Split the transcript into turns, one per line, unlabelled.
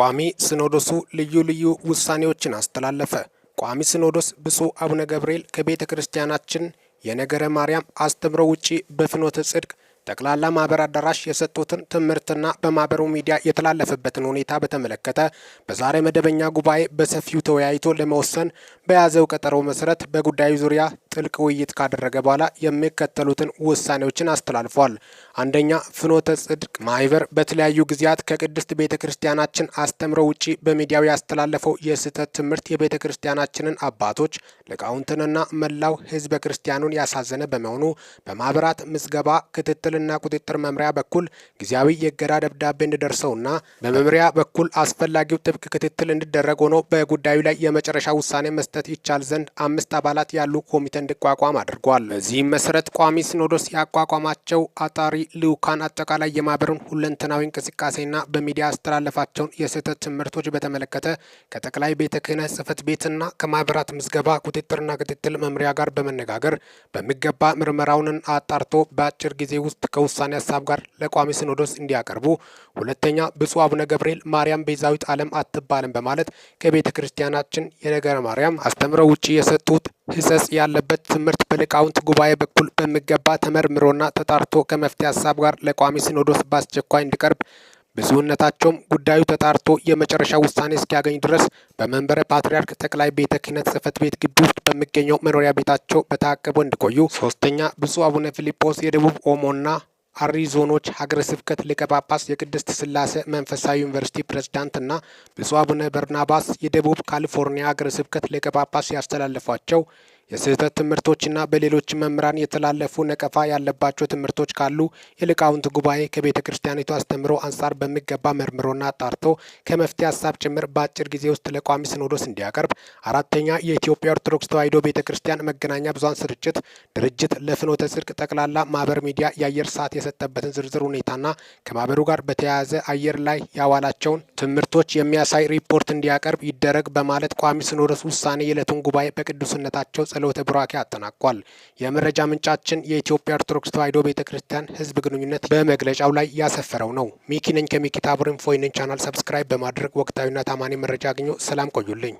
ቋሚ ሲኖዶሱ ልዩ ልዩ ውሳኔዎችን አስተላለፈ። ቋሚ ሲኖዶስ ብፁዕ አቡነ ገብርኤል ከቤተ ክርስቲያናችን የነገረ ማርያም አስተምሮ ውጪ በፍኖተ ጽድቅ ጠቅላላ ማህበር አዳራሽ የሰጡትን ትምህርትና በማህበሩ ሚዲያ የተላለፈበትን ሁኔታ በተመለከተ በዛሬ መደበኛ ጉባኤ በሰፊው ተወያይቶ ለመወሰን በያዘው ቀጠሮ መሰረት በጉዳዩ ዙሪያ ጥልቅ ውይይት ካደረገ በኋላ የሚከተሉትን ውሳኔዎችን አስተላልፏል። አንደኛ፣ ፍኖተ ጽድቅ ማህበር በተለያዩ ጊዜያት ከቅድስት ቤተ ክርስቲያናችን አስተምረው ውጪ በሚዲያው ያስተላለፈው የስህተት ትምህርት የቤተ ክርስቲያናችንን አባቶች ሊቃውንትንና መላው ህዝበ ክርስቲያኑን ያሳዘነ በመሆኑ በማህበራት ምዝገባ ክትትልና ቁጥጥር መምሪያ በኩል ጊዜያዊ የእገዳ ደብዳቤ እንዲደርሰውና በመምሪያ በኩል አስፈላጊው ጥብቅ ክትትል እንዲደረግ ሆኖ በጉዳዩ ላይ የመጨረሻ ውሳኔ መስጠት ይቻል ዘንድ አምስት አባላት ያሉ ኮሚቴ እንዲቋቋም አድርጓል። በዚህም መሰረት ቋሚ ሲኖዶስ ያቋቋማቸው አጣሪ ልዑካን አጠቃላይ የማህበሩን ሁለንተናዊ እንቅስቃሴና በሚዲያ አስተላለፋቸውን የስህተት ትምህርቶች በተመለከተ ከጠቅላይ ቤተ ክህነት ጽህፈት ቤትና ከማህበራት ምዝገባ ቁጥጥርና ክትትል መምሪያ ጋር በመነጋገር በሚገባ ምርመራውን አጣርቶ በአጭር ጊዜ ውስጥ ከውሳኔ ሀሳብ ጋር ለቋሚ ሲኖዶስ እንዲያቀርቡ፣ ሁለተኛ ብፁዕ አቡነ ገብርኤል ማርያም ቤዛዊት ዓለም አትባልም በማለት ከቤተ ክርስቲያናችን የነገረ ማርያም አስተምረው ውጭ የሰጡት ህሰጽ ያለበት ትምህርት በሊቃውንት ጉባኤ በኩል በሚገባ ተመርምሮና ተጣርቶ ከመፍትሄ ሀሳብ ጋር ለቋሚ ሲኖዶስ በአስቸኳይ እንዲቀርብ ብዙውነታቸውም ጉዳዩ ተጣርቶ የመጨረሻ ውሳኔ እስኪያገኝ ድረስ በመንበረ ፓትርያርክ ጠቅላይ ቤተ ክህነት ጽሕፈት ቤት ግቢ ውስጥ በሚገኘው መኖሪያ ቤታቸው በተአቅቦ እንዲቆዩ። ሶስተኛ ብፁዕ አቡነ ፊሊጶስ የደቡብ ኦሞና አሪዞኖች ዞኖች ሀገረ ስብከት ሊቀ ጳጳስ የቅድስት ስላሴ መንፈሳዊ ዩኒቨርሲቲ ፕሬዝዳንትና ብፁዕ አቡነ በርናባስ የደቡብ ካሊፎርኒያ ሀገረ ስብከት ሊቀ ጳጳስ ያስተላለፏቸው የስህተት ትምህርቶችና በሌሎች መምህራን የተላለፉ ነቀፋ ያለባቸው ትምህርቶች ካሉ የሊቃውንት ጉባኤ ከቤተ ክርስቲያኒቱ አስተምሮ አንጻር በሚገባ መርምሮና ጣርቶ ከመፍትሄ ሀሳብ ጭምር በአጭር ጊዜ ውስጥ ለቋሚ ሲኖዶስ እንዲያቀርብ። አራተኛ የኢትዮጵያ ኦርቶዶክስ ተዋሕዶ ቤተ ክርስቲያን መገናኛ ብዙን ስርጭት ድርጅት ለፍኖተ ጽድቅ ጠቅላላ ማህበር ሚዲያ የአየር ሰዓት የሰጠበትን ዝርዝር ሁኔታና ከማህበሩ ጋር በተያያዘ አየር ላይ ያዋላቸውን ትምህርቶች የሚያሳይ ሪፖርት እንዲያቀርብ ይደረግ በማለት ቋሚ ሲኖዶስ ውሳኔ የዕለቱን ጉባኤ በቅዱስነታቸው ጸሎተ ቡራኬ አጠናቋል። የመረጃ ምንጫችን የኢትዮጵያ ኦርቶዶክስ ተዋሕዶ ቤተ ክርስቲያን ሕዝብ ግንኙነት በመግለጫው ላይ ያሰፈረው ነው። ሚኪነኝ ከሚኪታቡር ኢንፎይነን ቻናል ሰብስክራይብ በማድረግ ወቅታዊና ታማኒ መረጃ አግኘው ሰላም ቆዩልኝ።